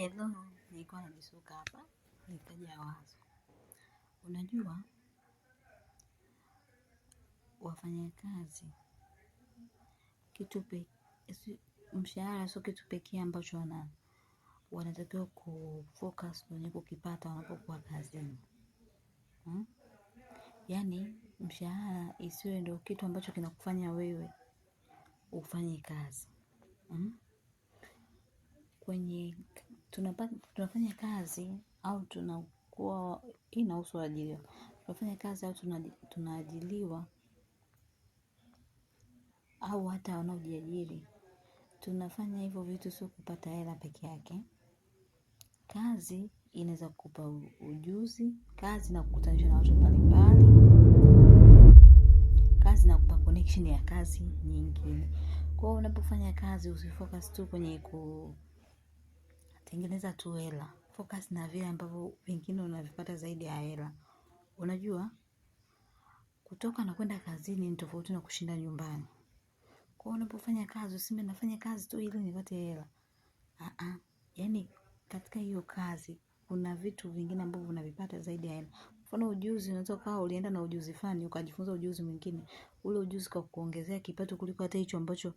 Hello, nilikuwa namisuka hapa nikaja wazo. Unajua, wafanyakazi kitu pe mshahara sio kitu pekee ambacho wana wanatakiwa kufocus kwenye kukipata wanapokuwa kazini hmm? Yaani mshahara isiwe ndio kitu ambacho kinakufanya wewe ufanye kazi hmm? Kwenye tunapata, tunafanya kazi au tunakuwa hii inahusu waajiriwa tunafanya kazi au tunaajiliwa au hata wanaojiajiri tunafanya hivyo vitu sio kupata hela peke yake kazi inaweza kukupa ujuzi kazi na kukutanisha na watu mbalimbali kazi na kupa connection ya kazi nyingine kwao unapofanya kazi usifocus tu kwenye ku tengeneza tu hela, focus na vile ambavyo vingine unavipata zaidi ya hela. Unajua kutoka na kwenda kazini ni tofauti na kushinda nyumbani. Kwa hiyo unapofanya kazi useme nafanya kazi tu ili nipate hela. Aa, yani katika hiyo kazi kuna vitu vingine ambavyo unavipata zaidi ya hela. Mfano ujuzi unaweza ukawa ulienda na ujuzi fulani ukajifunza ujuzi mwingine. Ule ujuzi kwa kuongezea kipato kuliko hata hicho ambacho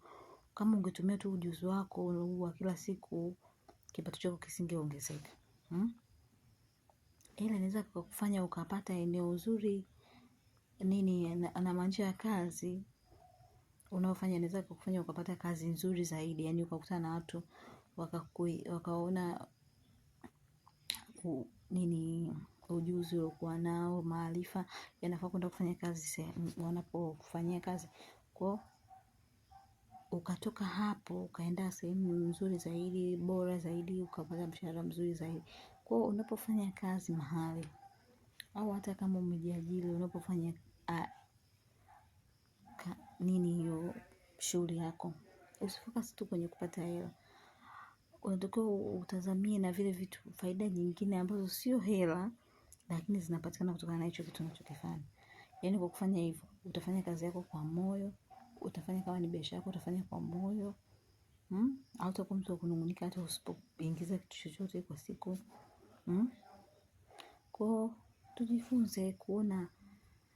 kama ungetumia tu ujuzi wako wa kila siku kipato chako kisingeongezeka hmm? Ila inaweza kufanya ukapata eneo uzuri nini, anamaanisha ya kazi unaofanya inaweza kukufanya ukapata kazi nzuri zaidi, yani ukakutana na watu wakaona nini ujuzi uliokuwa nao, maarifa yanafaa kwenda kufanya kazi wanapokufanyia kazi kwao ukatoka hapo ukaenda sehemu nzuri zaidi bora zaidi ukapata mshahara mzuri zaidi kwa unapofanya kazi mahali au hata kama umejiajiri unapofanya a, ka, nini hiyo shughuli yako usifocus tu kwenye kupata hela unatakiwa utazamie na vile vitu faida nyingine ambazo sio hela lakini zinapatikana kutokana na hicho kitu unachokifanya yaani kwa kufanya hivyo utafanya kazi yako kwa moyo utafanya kama ni biashara yako utafanya kwa moyo hmm? Hautakuwa mtu wa kunungunika hata usipoingiza kitu chochote kwa siku hmm? Kwa tujifunze kuona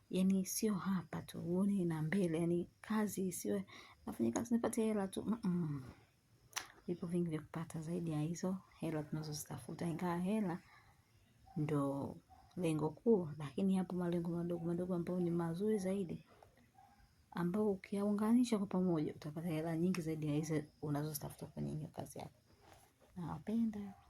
yani, sio hapa tu, uone na mbele, yani kazi isiwe nafanya kazi nipate hela tu mm -mm. Vipo vingi vya kupata zaidi ya hizo hela tunazozitafuta, ingawa hela ndo lengo kuu, lakini hapo malengo madogo madogo ambayo ni mazuri zaidi ambao ukiyaunganisha kwa pamoja utapata hela nyingi zaidi ya hizo unazozitafuta kwenye hiyo kazi yako. Nawapenda.